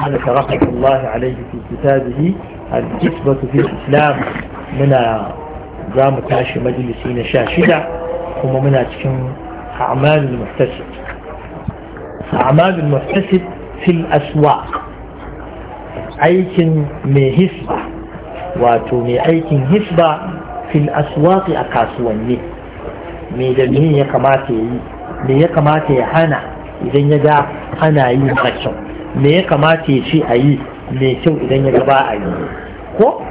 هذا رحمة الله عليه في كتابه الكتبة في الإسلام من زام تاشي مجلسين شاشدة هم من أتكن أعمال المحتسب أعمال المحتسب في الأسواق أيكن من هسبة واتومي أيكن هسبة في الأسواق أكاسواني me da me ya kamata ya yi me ya kamata ya hana idan ya ga ana yi na kyau me ya kamata ya ce a yi mai kyau idan ya gaba a yi ko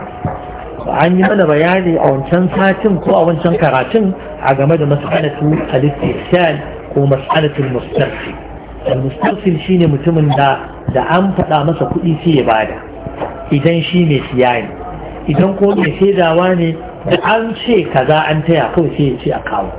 an yi mana bayani a wancan satin ko a wancan karatun a game da mas'alatu al ko mas'alatu al mustarsi al ne mutumin da da an faɗa masa kuɗi sai ya bada idan shi mai siya ne idan ko mai saidawa ne da an ce kaza an taya kawai sai ya ce a kawo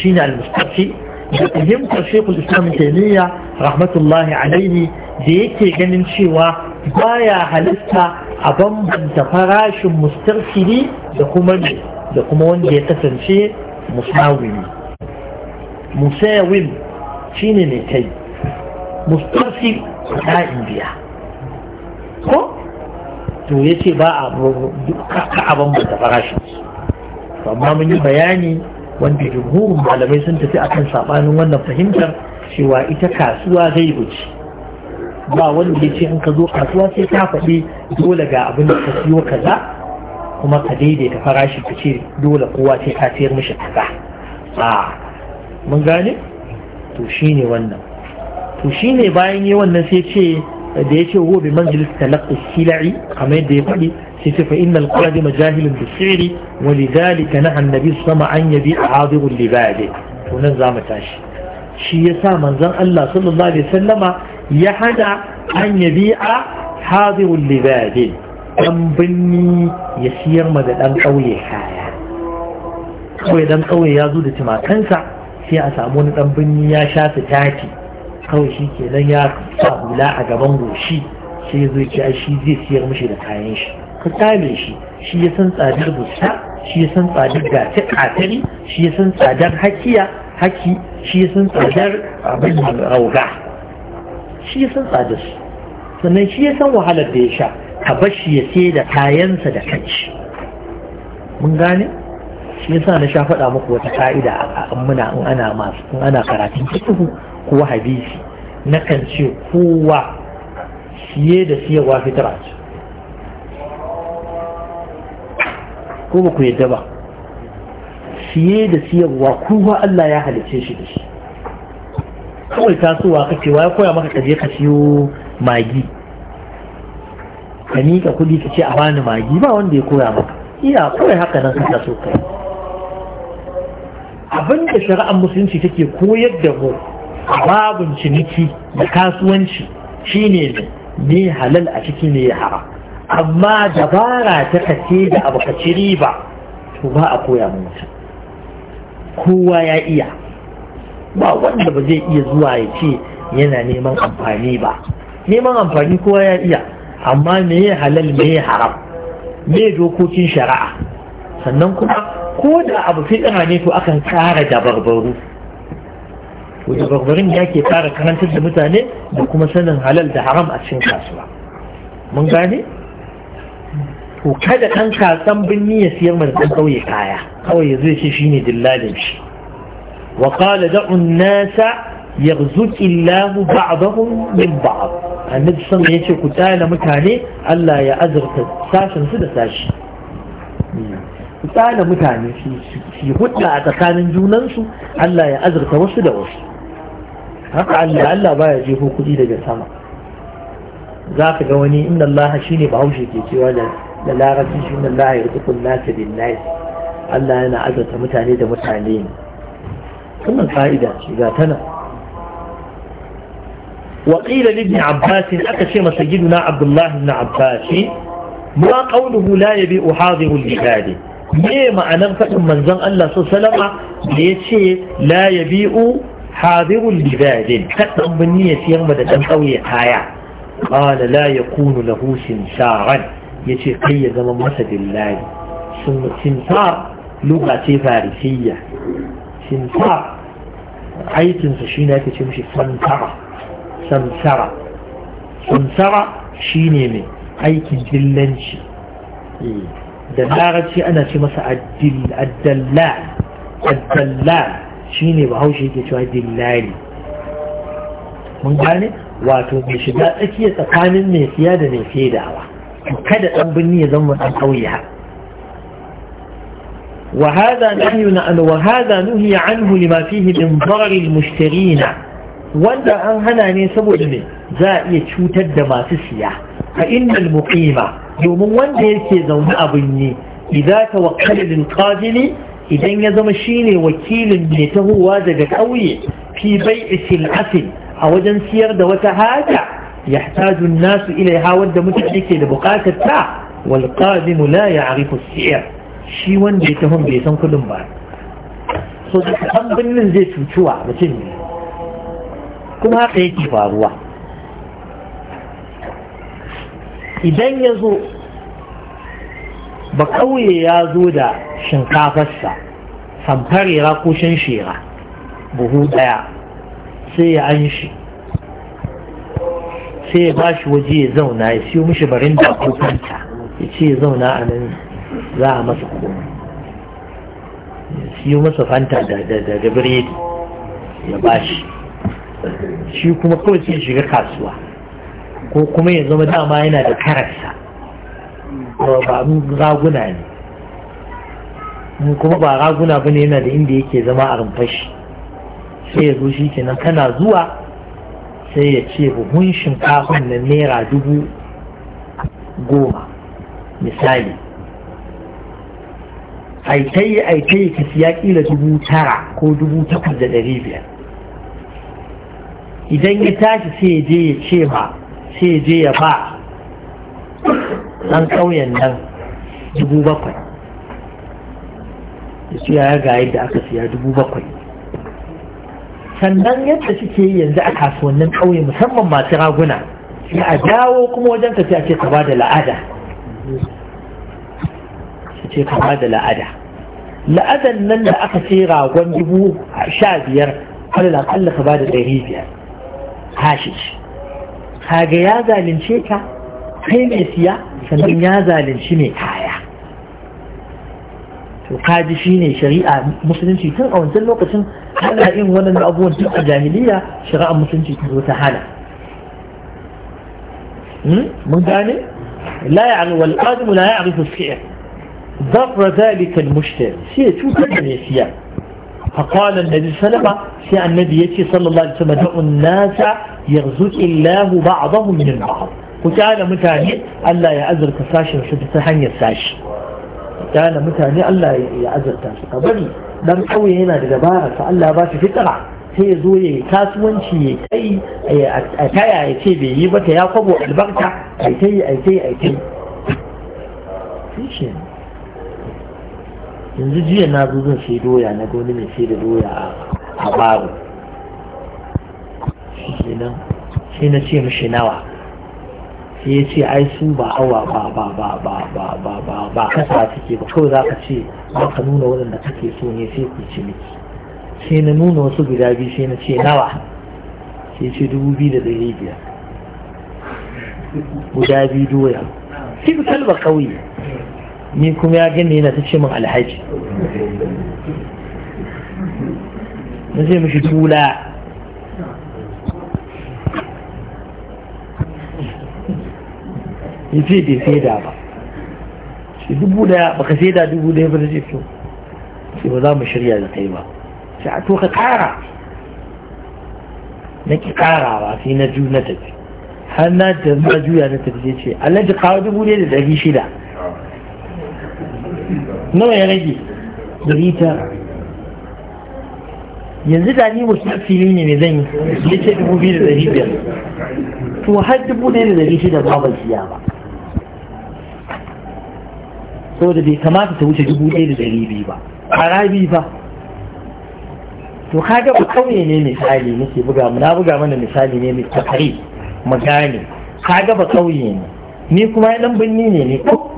shine al-mustarsil da fahimtar shekul islam taimiyya rahmatullahi alaihi da yake ganin cewa baya halitta a bambanta farashin mustarsili da kuma ne da kuma wanda ya kasance musawimi musawim shine ne kai mustarsil na indiya ko to ya ce ba a bambanta farashin amma mun yi bayani wanda jumhurin malamai sun tafi akan sabanin wannan fahimtar cewa ita kasuwa zai wuce ba wanda ya ce in ka zo kasuwa sai ta faɗi dole ga abin da ka siyo kaza kuma ka daidaita farashi ka ce dole kowa sai ka sayar mishi kaza a mun gane to shine wannan to shine bayan yi wannan sai ce da ya ce huwa manjilis manzilis talaqqi silai kamar yadda ya faɗi سيتف إن القادم wani بالسعر na نهى sama an yabi a hadirin أن to nan za mu tashi. shi ya sa manzon Allah sallallahu alaihi sallama ya hada an a hadirul libadi dan binni ya siyar ma da dan kauye kaya kawai dan kauye ya zo da timakansa sai a samu wani dan binni ya sha su taki kawai shi kenan ya sa hula a gaban goshi sai zai ce shi zai siyar mashi da kayan shi ka kame shi shi ya san tsadar busta shi ya san tsadar gatari shi ya san tsadar hakiya haki shi sun tsadar abin rauga shi sun tsadar sannan shi ya san wahalar da ya sha ka bar shi ya sai da kayansa da kanci mun gane shi ya sa na sha faɗa muku wata ka'ida a muna in ana masu in ana karatun fiqh ko hadisi na kan ce kowa siye da siyarwa fitra ko ba ku yadda ba siye da siyarwa kowa Allah ya halicce shi da shi kawai tasowa kake wa ya koya maka kaje ka siyo magi ka miƙa kuɗi ka ce a bani magi ba wanda ya koya maka iya kawai haka nan ka so kai abin da shari'ar musulunci take koyar da mu babun ciniki da kasuwanci shine ne ne halal a ciki ne ya haram amma dabara ta kace da abu ka ci riba to ba a koya mu mutum kowa ya iya ba wanda ba zai iya zuwa ya ce yana neman amfani ba neman amfani kowa ya iya amma me ya halal me ya haram me dokokin shari'a sannan kuma ko da abu fitira ne to akan kara dabarbaru to dabarbarin ya ke fara karantar da mutane da kuma sanin halal da haram a cikin kasuwa mun gane to kada ɗan kasan binni ya siyar mana ɗan ƙauye kaya kawai ya zai ce shi ne dillalin shi wa qala da'u an-nasa yaghzuki Allahu ba'dahum min ba'd annabi sun yace ku tsala mutane Allah ya azurta sashen su da sashi ku tsala mutane su hudda a tsakanin junansu Allah ya azurta wasu da wasu haka Allah Allah ya jefo kuɗi daga sama za ka ga wani inda Allah shine bahaushe ke cewa da da larabci shi ne la yarzuqun nasa bin nas Allah yana azurta mutane da mutane ne wannan fa'ida ce ga tana wa qila li abbas aka ce masa giduna abdullah ibn abbas ma qawluhu la yabi'u hadiru al-jihad me ma'anar faɗin manzon Allah sallallahu salama da ce la yabi'u hadiru al-jihad kadan bin ya siyar da dan kauye kaya قال لا يكون له سمسارا yace kai ya zama masa billahi sun sintar lugha ce farisiyya sintar aikinsa shi ne ake ce mishi sansara sansara sansara shi ne mai aikin dillanci da larabci ana ce masa addallal addallal shi ne bahaushe ke cewa dillali mun gane wato mai shiga tsakiya tsakanin mai siya da mai saidawa kada ɗan birni ya zama ɗan ƙauye ha وهذا نهي عن وهذا نهي عنه لما فيه من ضرر المشترين وان ان هنا ne saboda me za a iya cutar da masu siya fa innal muqima domin wanda yake zaune a binne idza tawakkala lil qadili idan ya zama shine wakilin mai tahowa daga kauye fi bai'i sil'atin a wajen siyar da wata haja yahtaju an-nas ilaiha da mutane ke da bukatar ta wal qadim la ya'rifu as shi wanda ya tafi bai san kudin ba so kan binnin zai cutuwa mutum ne kuma haka yake faruwa idan ya zo ba ya zo da shinkafarsa samfarera ko shanshera buhu daya sai ya anshi. sai ya bashi waje ya zauna ya siyo mishi da ko kanta ya ce ya zauna a nan za a masa komai ya siyo masa fanta da biredi ya bashi shi kuma kawai sai shiga kasuwa ko kuma ya zama dama yana da kararsa ba raguna ne in kuma ba raguna ba ne yana da inda yake zama a rumfashi sai ya zo shi kenan kana zuwa sai ya ce buhun shinkafin na naira dubu goma misali aikai aikai ka siya kila dubu tara ko dubu takwas da ɗari biyar idan ya tashi sai ya je ya ce ma sai ya je ya ba ɗan ƙauyen nan dubu bakwai ya ce ya ga yadda aka siya dubu bakwai sannan yadda suke yi yanzu a kasuwannin ƙauye musamman masu raguna sai a dawo kuma wajen ka ce ka ba da la'ada ce ka ba da la'ada la'adan nan da aka ce ragon dubu sha biyar alal akalla ka ba da ɗari biyar hashi kaga ya zalunce ka kai mai siya sannan ya zalunci mai kaya القادشي ني شريعة مسلمتي تن أو نزل وقت هل إن ولا نأبون تلقى جاهلية شريعة مسلمتي تن وتحالة من داني لا يعني والقادم لا يعرف السعر ضر ذلك المشتر سيئة شو تدني سيئة فقال النبي صلى الله عليه وسلم النبي يتي صلى الله عليه وسلم دعوا الناس يغزوك الله بعضهم من بعض وتعالى متعني ألا يا أزر كساش وشدت حني الساش kyana mutane Allah ya azurta su ka bari dan kauye yana da dabara sa Allah ba shi fitra sai ya zo ya yi kasuwanci ya kai a kaya ya ce bai yi ba ta ya kwabo albarka a kai a kai a kai yanzu jiya na zo zan sai doya na gani mai sai da doya a baro shi na ce shi nawa sai ya ce ai su ba hawa ba ba ba ba ba ba ba ba kasa suke ba kawai za ka ce ba ka nuna waɗanda kake so ne sai ku ci miki sai na nuna wasu guda biyu sai na ce nawa sai ce dubu biyu da ɗari biyar guda biyu doya sai kalba kauye ni kuma ya gani yana ta ce min alhaji na ce mishi tula ya ce bai saida ba shi dubu daya baka saida dubu daya ba da ce to sai ba za mu shirya da kai ba sai a to ka kara na ki kara ba sai na ju na tafi har na da na juya na tafi ya ce alhaji kawo dubu ne da dari shida nawa ya rage dari tara yanzu da ni wasu fili ne mai zan yi ya ce dubu biyu da dari biyar to har dubu ɗaya da dari shida ba ban siya ba saboda bai kamata ta wuce dubu ɗaya da ɗari biyu ba harabi ba to kaga ba kauye ne misali nake buga na buga mana misali ne mai takari mu gane kaga ba kauye ne ni kuma ɗan birni ne ne ko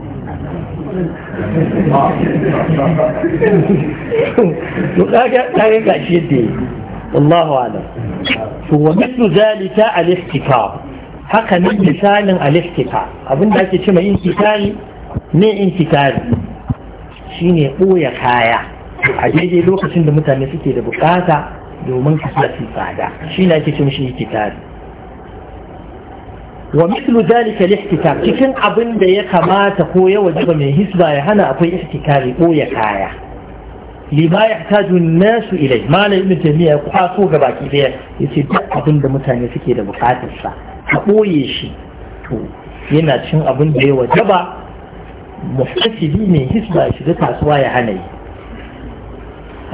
to kaga kaga gashi yadda yi wallahu alam to wa mithlu zalika al-ihtikar haka ne misalin al-ihtikar abinda ake cewa kitani ne intikari shine ɓoye kaya a daidai lokacin da mutane suke da bukata domin su su tsada shi na ke cimshi intikari wa mislu dalika al-ihtikar cikin abin da ya kamata ko ya wajiba mai hisba ya hana akwai ihtikari ya kaya lima ya taju nasu ilai malam ibn tamiya ya kwaso ga baki daya yace duk abin da mutane suke da bukatarsa a ɓoye shi to yana cin abin da ya wajaba محتسبي من حسبة شدتها سوايا عني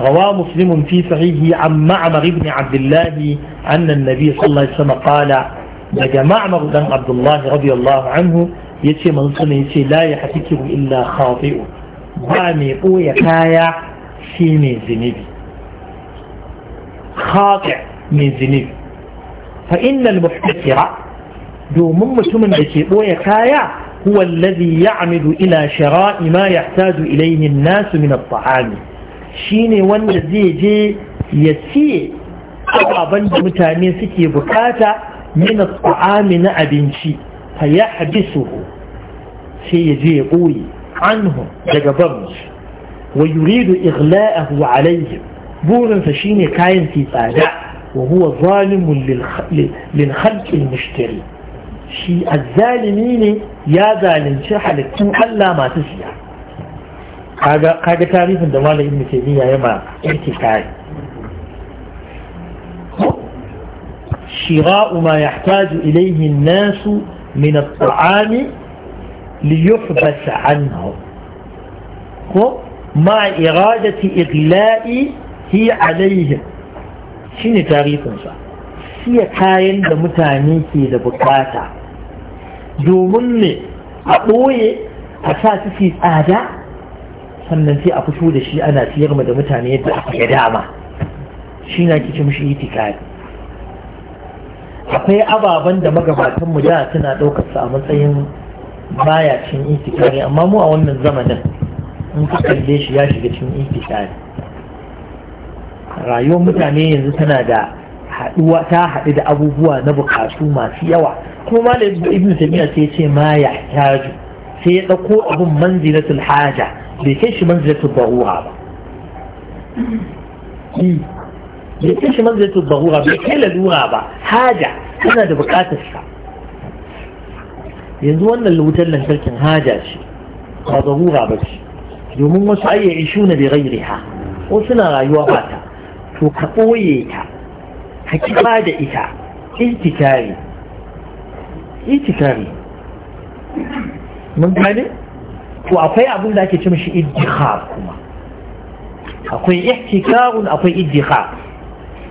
روى مسلم في صحيحه عن معمر بن عبد الله أن النبي صلى الله عليه وسلم قال لقى معمر بن عبد الله رضي الله عنه يتي من صنع يتي لا يحتكر إلا خاطئ بامي يكايا في من زنبي خاطئ من زنبي فإن المحتكر دوم متمن يتي أو يكايا هو الذي يعمد إلى شراء ما يحتاج إليه الناس من الطعام شيني وان زي جي يسي أبابا متاني سكي بكاتا من الطعام شي فيحبسه سيجي قوي عنهم دقبرنش ويريد إغلاءه عليهم بورن فشيني كاين في فادع وهو ظالم للخلق المشتري shi azzalimi ne ya zalunci halittun Allah masu siya kaga tarihin da malayin ibn taymiya ya ma yake kai shira'u ma ya taju ilayhin nasu min at-ta'ami liyuhbas anhu ko ma iradati igla'i hi alayhim shine tarihin sa siya kayan da mutane ke da bukata domin ne a ɓoye a sa su fi tsada sannan sai a fito da shi ana siyar da mutane yadda aka ya dama shi na kici mushi itikadi akwai ababen da magabatan mu da suna ɗaukar su a matsayin baya cin itikadi amma mu a wannan zamanin in ka kalle shi ya shiga cin itikadi rayuwar mutane yanzu tana da haduwa ta haɗu da abubuwa na bukatu masu yawa kuma malam ibn taymiya sai ya ce ma ya haju sai ya dauko abun manzilatul haja bai kai shi manzilatul darura ba bai kai shi manzilatul darura bai kai lalura ba haja tana da bukatar sa yanzu wannan wutar lantarkin haja ce ba darura ba ce domin wasu ayyayi shuna bai gairiha wasu na rayuwa ba ta to ka ɓoye ta hakima da ita itikari itikari mun gane to akwai abin da ake ce mishi iddikhar kuma akwai ihtikarun akwai iddikhar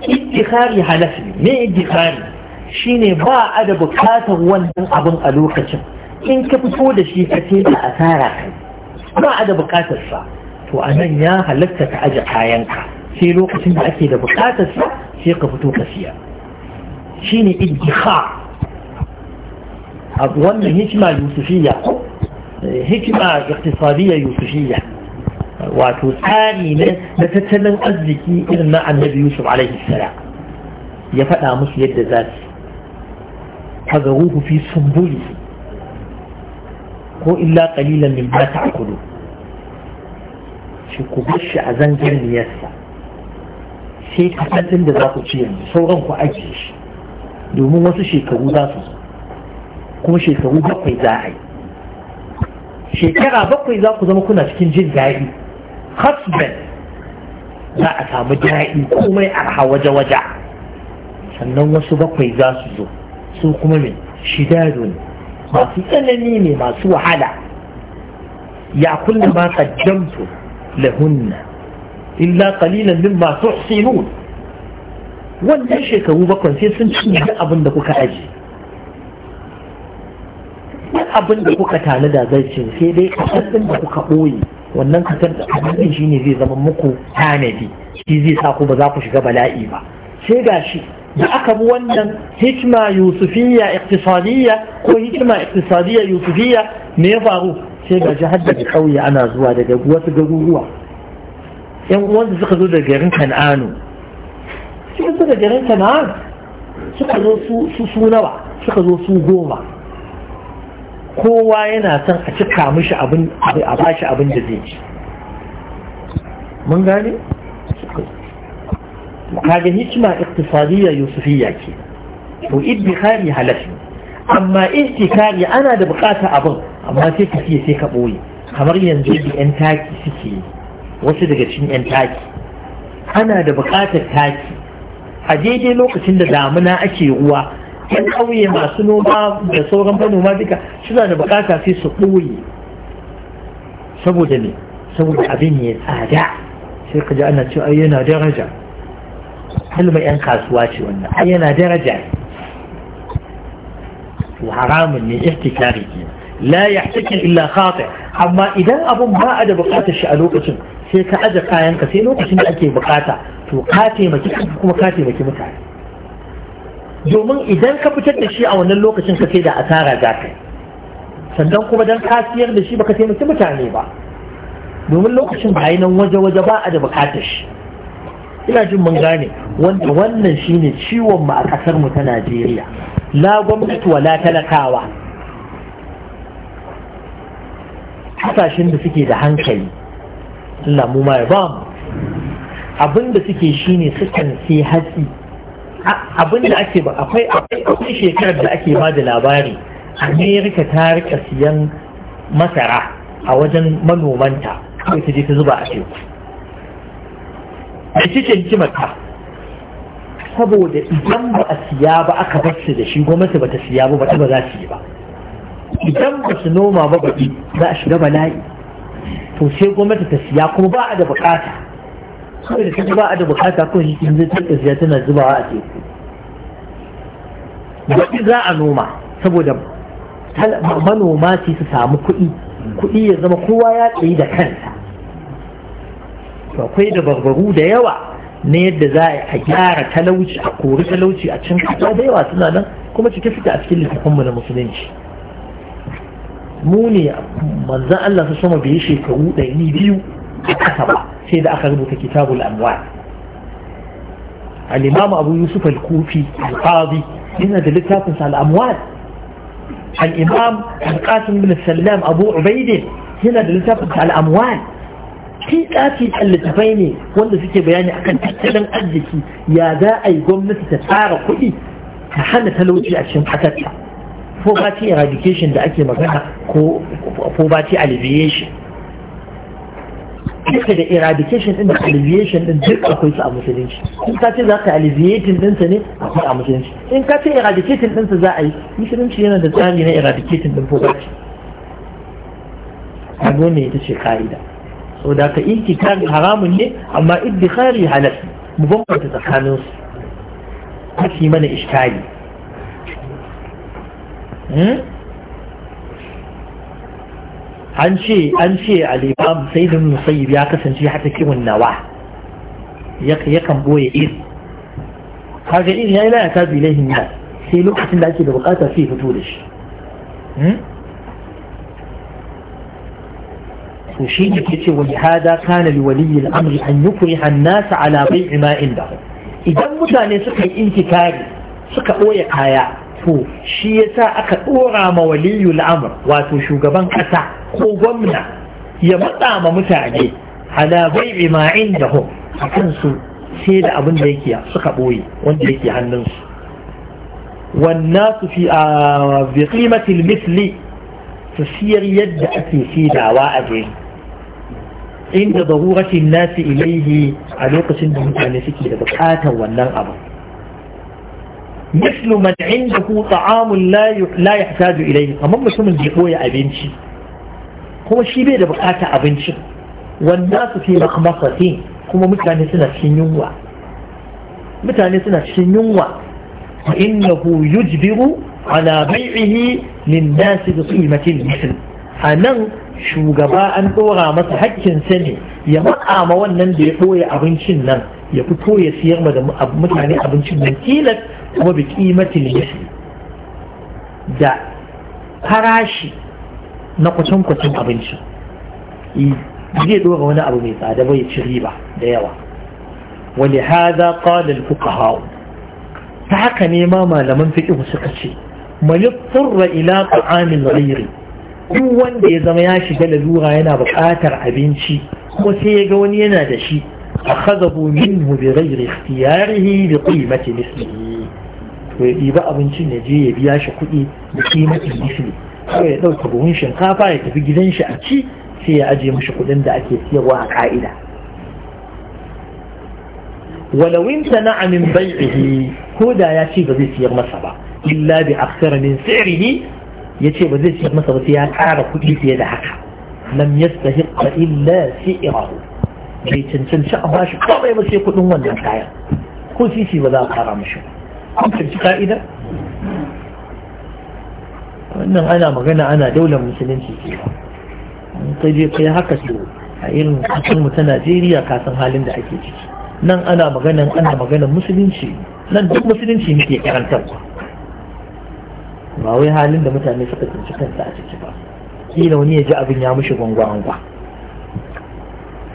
iddikhari halas ne me shi shine ba a da bukatar wannan abin a lokacin in ka fito da shi ka ce da asara kai ba a da bukatarsa sa to nan ya halatta ta aje kayanka sai lokacin da ake da bukatar sa sai ka fito ka siya shi ne iddiha wannan hikima yusufiya eh, hikima iktisadiyya yusufiya wato tsari ne na tattalin arziki irin na annabi yusuf alaihi ya faɗa musu yadda za su kaga ruhu fi sumbuli ko illa qalilan min ba kudu shi ku bashi a zangarniyarsa sai kaɗan da za ku ci yanzu sauran ku ajiye shi domin wasu shekaru za su kuma shekaru bakwai za a yi shekara bakwai za ku zama kuna cikin jin daɗi husband za a samu daɗi komai arha waje-waje sannan wasu bakwai za su zo su kuma mai shidado ne masu tsanani ne masu wahala ya kulle ma kaddamtu lahunna illa qalilan mimma tuhsinun wannan shekaru bakwai sai sun cinye abinda abin da kuka aji. duk abin da kuka tanada zai sai dai kasar da kuka ɓoye wannan kasar da abin shi ne zai zama muku tanadi shi zai sa ku ba za ku shiga bala'i ba sai ga shi da aka bi wannan hikima yusufiyya iktisadiyya ko hikima iktisadiyya Yusufiya, me ya faru sai ga jihar daga kauye ana zuwa daga wasu garuruwa yan uwansu suka zo da garin kan'anu suka zo da garin kan'anu suka zo su su nawa suka zo su goma kowa yana son a cika mishi abin a bashi abin da zai ci mun gane kaga hikima iktisadiyya yusufiyya ke to iddikhari halafi amma ihtikari ana da bukata abin amma sai ka siya sai ka boye kamar yanzu da yan taki suke yi wasu daga cikin 'yan taki ana da buƙatar taki a daidai lokacin da damuna ake ruwa yan ƙauye masu noma da sauran manoma duka suna da buƙata sai su ɓoye saboda ne saboda abin ya tsada sai ka ji ana cewa ai yana daraja kalmar 'yan kasuwa ce wannan ai yana daraja to haramun ne ihtikari kenan la yahtakin illa khati amma idan abun ba a da buƙatar shi a lokacin sai ka aje kayanka sai lokacin da ake bukata to ka taimaki kuma ka taimaki mutane domin idan ka fitar da shi a wannan lokacin ka sai da asara za ka sannan kuma dan ka siyar da shi baka taimaki mutane ba domin lokacin ba yi nan waje-waje ba a da bukatar shi ina jin mun gane wanda wannan shine ciwon mu a kasar mu ta Najeriya la gwamnati wala talakawa hasashen da suke da hankali Allah mu ma ya ba mu abin da suke shi ne sukan sai hatsi abin da ake ba akwai akwai shekarar da ake ba da labari amerika ta rika siyan masara a wajen manomanta kawai ta je ta zuba a teku Mai cikin kimata saboda idan ba a siya ba aka bar da shi gwamnati ba ta siya ba ba ta ba za su yi ba idan ba su noma ba ba za a shiga bala'i to sai gwamnati ta siya kuma ba a da bukata kawai da ba a da bukata ko shi zai ta siya tana zubawa a teku baki za a noma saboda manoma ce su samu kuɗi kuɗi ya zama kowa ya tsayi da kansa to akwai dabarbaru da yawa na yadda za a gyara talauci a kori talauci a cin kasa da yawa suna nan kuma cike fita a cikin littafinmu na musulunci mu ne manzan Allah su sama bai shekaru ɗari biyu a ƙasa ba sai da aka rubuta kitabul amwal al-imam abu yusuf al-kufi al-qadi yana da littafin sa al-amwal al-imam al-qasim bin sallam abu ubaidin yana da littafin sa al-amwal fi tsafi littafai ne wanda suke bayani akan tattalin arziki ya za a yi gwamnati ta tsara kuɗi ta hana talauci a cikin ƙasarta poverty eradication da ake magana ko poverty alleviation duka da eradication din da alleviation din duk akwai su a musulunci in ka ce za ka alleviating sa ne akwai a musulunci in ka ce eradicating sa za a yi musulunci yana da tsari na eradicating din poverty a gona ita ce ka'ida so da ka kan haramun ne amma iddikari halal mu bambanta su kashi mana iskali an ce an ce al'imam sai da musayyib ya kasance hata kiwon nawa yakan boye ir kaga ir ya yi laya ta bi laihin ya sai lokacin da ake da bukata sai fito da shi to shi ne ke ce wani hada kana li waliyi al'amri an yi kuri hannasa ala bai ima inda idan mutane suka yi inkitari suka ɓoye kaya to shi yasa aka dora ma waliyu al'amr wato shugaban ƙasa ko gwamna ya matsa ma mutane ala bai'i ma indahum akan su sai da abin da yake suka boye wanda yake hannun su wanna su fi a yadda ake sidawa a jini inda zahuratin nasi ilaihi a lokacin da mutane suke da bukatar wannan abu مثل من عنده طعام لا لا يحتاج إليه أما مسلم جيقوية أبنشي هو شي بيد بقاتا أبنشي والناس في مخمصة كما متعني سنة شنيوة متعني سنة شنيوة فإنه يجبر على بيعه للناس بقيمة المثل أنا شو جباء أن أورا مسحك سني يمقى مولن بيقوي أبنشي الناس ya fito ya siyar ma da mutane abincin nan kuma bi kimatin misli da farashi na kwatankwacin abincin zai dora wani abu mai tsada bai ci riba da yawa wani haza kalin kuka hau ta haka ne ma malaman fiƙihu suka ce mani furra ila ta'amin rairi. duk wanda ya zama ya shiga lalura yana buƙatar abinci kuma sai ya ga wani yana da shi أخذه منه بغير اختياره بقيمة مثله ويبقى من شن يجي يبيع شقي بقيمة مثله لو تبغون شن خافا يتبقى لن شأتي في أجي مش قدن دا أكي قائلة ولو امتنع من بيعه هدى يا شي بزيس يغمصبا إلا بأكثر من سعره يتي بزيس يغمصبا فيها كار قدي في يد حقا لم يستهق إلا سئره. bai cancanci a bashi kawai ba sai kudin wannan kayan ko sisi ba za a kara mashi an canci ka'ida wannan ana magana ana daular musulunci ke ta je kai haka su a irin kasar mu ta najeriya kasan halin da ake ciki nan ana maganan ana maganan musulunci nan duk musulunci muke karantarwa ba wai halin da mutane suka tsinci kansa a ciki ba kila wani ya ji abin ya mushi gwangwa-gwangwa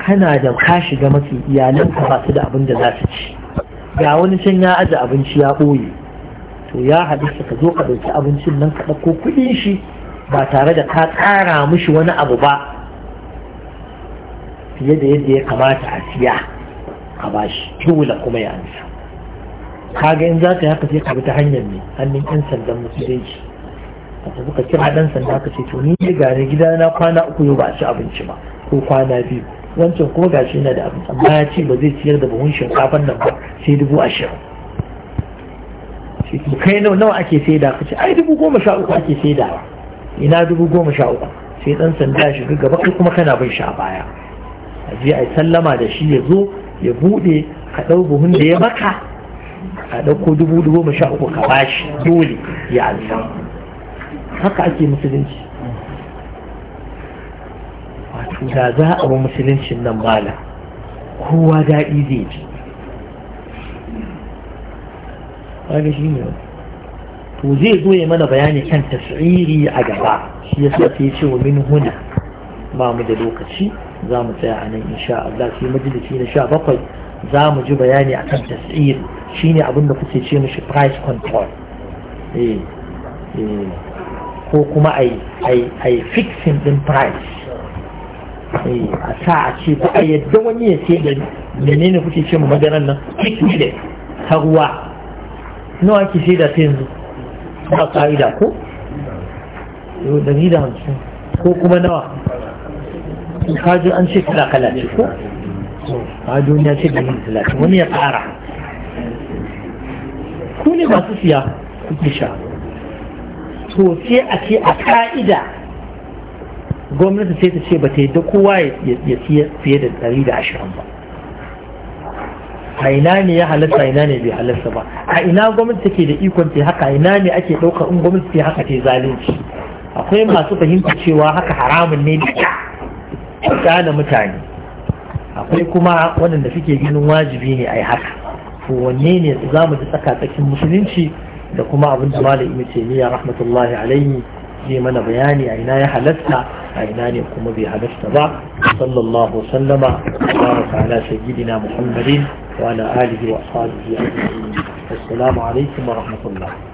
kana da ka shiga mafi iyalinka ba su da abin da za su ci ga wani can ya aje abinci ya ɓoye to ya haɗu ka zo ka ɗauki abincin nan ka ɗauko kuɗin shi ba tare da ka ƙara mishi wani abu ba fiye da yadda ya kamata a siya a bashi dole kuma ya Ka kaga in za ka haka sai ka bi ta hanyar ne hannun yan sandan musulunci ka tafi ka kira ɗan sanda ka ce to ni ne gane gidana kwana uku yau ba a ci abinci ba ko kwana biyu wancan kuma shi na da abu, amma ya ce ba zai ciyar da buhun shinkafan nan ba sai dubu ashirin kai nawa ake saida ka ce ai dubu goma sha uku ake da ina dubu goma sha uku sai dan sanda ya shiga gaba kai kuma kana bin shi a baya a je a sallama da shi ya zo ya bude ka ɗau buhun da ya maka a ɗauko dubu goma sha uku ka bashi dole ya ansa haka ake musulunci da za a bi musuluncin nan mala kowa daɗi zai ji wani shi ne to zai zo ya mana bayani kan tasiri a gaba shi ya sa sai ce wa min huna ba mu da lokaci za mu tsaya a nan insha Allah sai majalisi na sha bakwai za mu ji bayani akan tasiri shine abin da kuke ce mishi price control eh, eh, ko kuma a yi fixing din price Eh, a sa a ce ba a yadda wani ya ce da menene kuke ce madaran nan ciki da ta ruwa nawa ke sai da ta yanzu ba ka'ida ko yau ni da hamsin ko kuma nawa kaji an ce kala kala ce ko a duniya ce dari talatin wani ya tsara ku ne masu siya kuke sha to sai a ce a ka'ida gwamnati sai ta ce ba ta yadda kowa ya siya fiye da ɗari da ashirin ba a ina ne ya halasta ina ne bai halasta ba a ina gwamnati take da ikon ta haka ina ne ake ɗaukar in gwamnati ta haka ta zalunci akwai masu fahimta cewa haka haramun ne da mutane akwai kuma waɗanda suke ganin wajibi ne a yi haka to wanne ne za mu ji tsaka tsakin musulunci da kuma abin da malam ibn rahmatullahi alaihi zai mana bayani a ina ya halatta a ina ne kuma bai halasta ba sallallahu sallama baraka ala sayyidina muhammadin wa ala alihi wa ashabihi assalamu alaikum wa rahmatullah